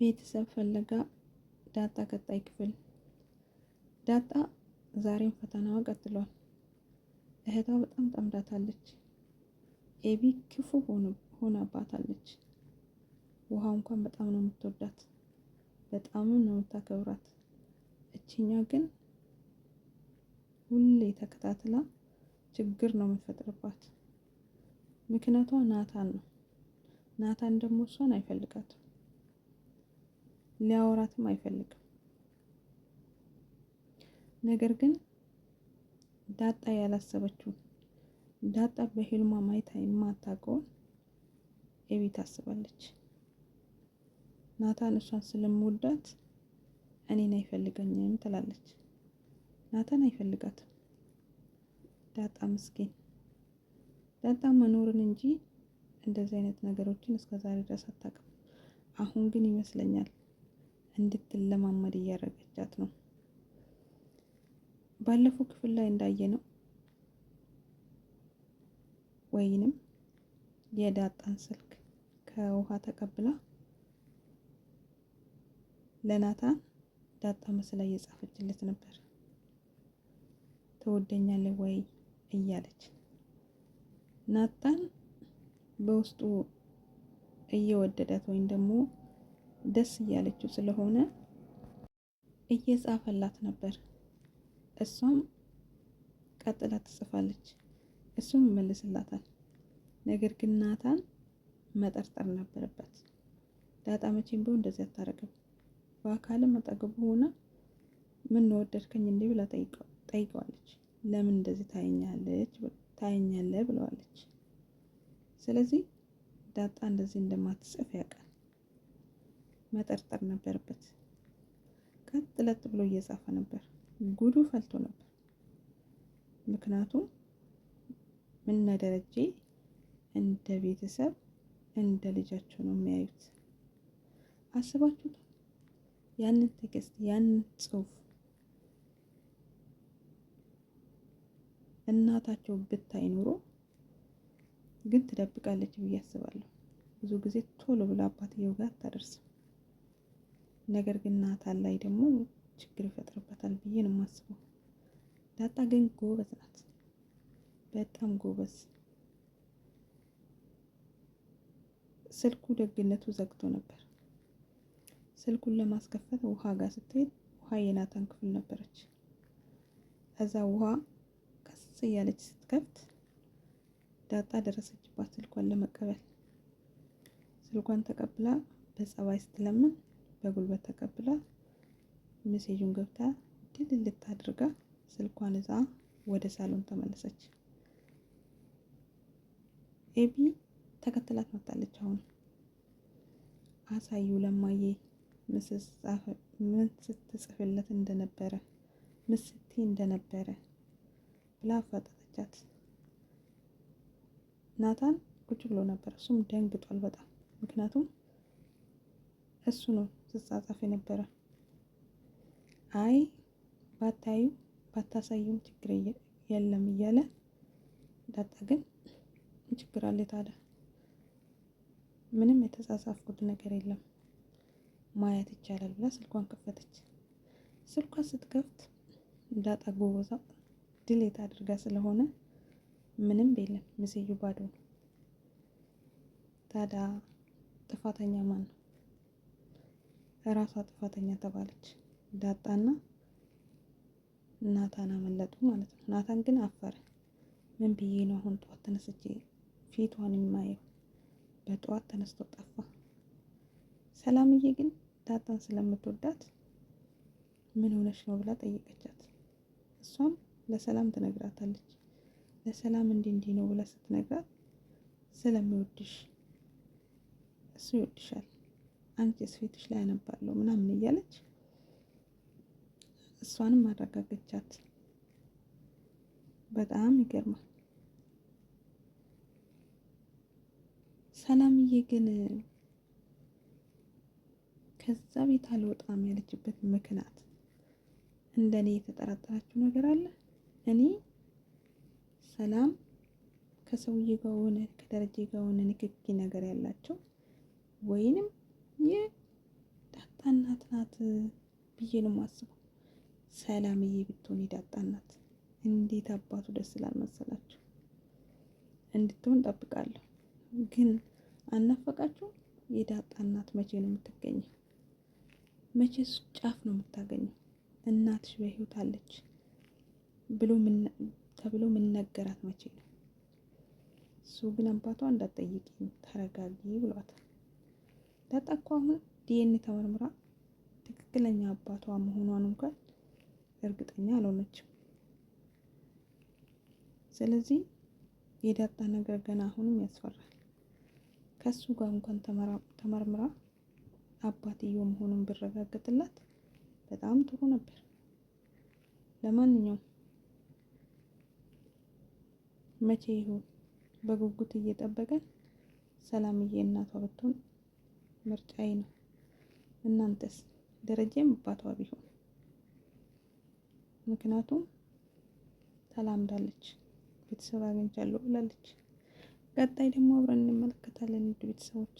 ቤተሰብ ፍለጋ ዳጣ ቀጣይ ክፍል። ዳጣ ዛሬም ፈተናዋ ቀጥሏል። እህቷ በጣም ጠምዳታለች። ኤቢ ክፉ ሆናባታለች። ውሃ እንኳን በጣም ነው የምትወዳት፣ በጣም ነው የምታከብራት። እችኛ ግን ሁሌ ተከታትላ ችግር ነው የምትፈጥርባት። ምክንያቷ ናታን ነው። ናታን ደግሞ እሷን አይፈልጋትም። ሊያወራትም አይፈልግም። ነገር ግን ዳጣ ያላሰበችውን ዳጣ በህልሟ ማየት የማታውቀውን ኤቢ ታስባለች። ናታን እሷን ስለምወዳት እኔን አይፈልገኝም ትላለች። ናታን አይፈልጋትም። ዳጣ ምስኪን ዳጣ መኖርን እንጂ እንደዚህ አይነት ነገሮችን እስከዛሬ ድረስ አታውቅም። አሁን ግን ይመስለኛል እንድትለማመድ እያደረገቻት ነው። ባለፈው ክፍል ላይ እንዳየነው ወይንም የዳጣን ስልክ ከውሃ ተቀብላ ለናታን ዳጣ መስላ እየጻፈችለት ነበር። ትወደኛለህ ወይ እያለች ናታን በውስጡ እየወደዳት ወይም ደግሞ ደስ እያለችው ስለሆነ እየጻፈላት ነበር። እሷም ቀጥላ ትጽፋለች፣ እሱም ይመልስላታል። ነገር ግን ናታን መጠርጠር ነበረበት። ዳጣ መቼም ቢሆን እንደዚህ አታደርግም። በአካልም አጠገቡ ሆና ምን ወደድከኝ እንዴ ብላ ጠይቀዋለች። ለምን እንደዚህ ታየኛለች ታየኛለህ ብለዋለች። ስለዚህ ዳጣ እንደዚህ እንደማትጽፍ ያውቃል። መጠርጠር ነበረበት። ቀጥ ለጥ ብሎ እየጻፈ ነበር። ጉዱ ፈልቶ ነበር። ምክንያቱም ምና ደረጀ እንደ ቤተሰብ እንደ ልጃቸው ነው የሚያዩት። አስባችሁት ያንን ቴክስት ያንን ጽሁፍ እናታቸው ብታይ ኑሮ ግን ትደብቃለች ብዬ አስባለሁ። ብዙ ጊዜ ቶሎ ብላ አባትየው ጋር አታደርስም። ነገር ግን ናታን ላይ ደግሞ ችግር ይፈጥርበታል ብዬ ነው የማስበው። ዳጣ ግን ጎበዝ ናት፣ በጣም ጎበዝ። ስልኩ ደግነቱ ዘግቶ ነበር። ስልኩን ለማስከፈት ውሃ ጋር ስትሄድ ውሃ የናታን ክፍል ነበረች። ከዛ ውሃ ቀስ እያለች ስትከፍት ዳጣ ደረሰችባት ስልኳን ለመቀበል። ስልኳን ተቀብላ በጸባይ ስትለምን በጉልበት ተቀብላ ሜሴጁን ገብታ ድልልት አድርጋ ስልኳን እዛ ወደ ሳሎን ተመለሰች። ኤቢ ተከትላት መጣለች። አሁን አሳዩ ለማዬ ምን ስትጽፍለት እንደነበረ ምስቲ እንደነበረ ብላ አፋጠጠቻት። ናታን ቁጭ ብሎ ነበር። እሱም ደንግጧል በጣም ምክንያቱም እሱ ነው ስጻጻፍ የነበረ። አይ ባታዩ ባታሳዩም ችግር የለም እያለ ዳጣ ግን ችግር አለ ታዲያ? ምንም የተጻጻፍኩት ነገር የለም ማየት ይቻላል ብላ ስልኳን ከፈተች። ስልኳን ስትከፍት ዳጣ ጎበዛ ድሌት አድርጋ ስለሆነ ምንም የለም፣ ምስዩ ባዶ ነው። ታዲያ ጥፋተኛ ማን ነው? ራሷ ጥፋተኛ ተባለች። ዳጣና ናታን አመለጡ ማለት ነው። ናታን ግን አፈረ። ምን ብዬ ነው አሁን ጠዋት ተነስቼ ፊቷን የማየው? በጠዋት ተነስቶ ጠፋ። ሰላምዬ ግን ዳጣን ስለምትወዳት ምን ሆነች ነው ብላ ጠየቀቻት። እሷም ለሰላም ትነግራታለች። ለሰላም እንዲህ እንዲህ ነው ብላ ስትነግራት ስለሚወድሽ እሱ ይወድሻል አንቺስ ፊትሽ ላይ አነባለሁ ምናምን እያለች እሷንም አረጋገቻት። በጣም ይገርማል። ሰላምዬ ግን ከዛ ቤት አልወጣም ያለችበት ምክንያት እንደኔ የተጠራጠራችሁ ነገር አለ። እኔ ሰላም ከሰውዬ ጋር ሆነ ከደረጀ ጋር ሆነ ንክኪ ነገር ያላቸው ወይንም የዳጣ እናት ናት ብዬ ነው የማስበው። ሰላምዬ ብትሆን የዳጣ እናት እንዴት አባቱ ደስ መሰላችሁ እንድትሆን ጠብቃለሁ። ግን አናፈቃችሁ? የዳጣ እናት መቼ ነው የምትገኘው? መቼስ ጫፍ ነው የምታገኘው? እናትሽ በህይወት አለች ተብሎ የምንነገራት መቼ ነው? እሱ ግን አባቷ እንዳትጠይቂኝ ተረጋጊ ብሏታል። አሁን ዲኤንኤ ተመርምራ ትክክለኛ አባቷ መሆኗን እንኳን እርግጠኛ አልሆነችም። ስለዚህ የዳጣ ነገር ገና አሁንም ያስፈራል። ከሱ ጋር እንኳን ተመርምራ አባትየው መሆኑን ብረጋገጥላት በጣም ጥሩ ነበር። ለማንኛውም መቼ ይሁን በጉጉት እየጠበቀን ሰላምዬ እናቷ ብትሆን ምርጫዬ ነው። እናንተስ? ደረጀም አባቷ ቢሆን ምክንያቱም ተላምዳለች፣ ቤተሰብ አግኝቻለሁ ብላለች። ቀጣይ ደግሞ አብረን እንመለከታለን ቤተሰቦች።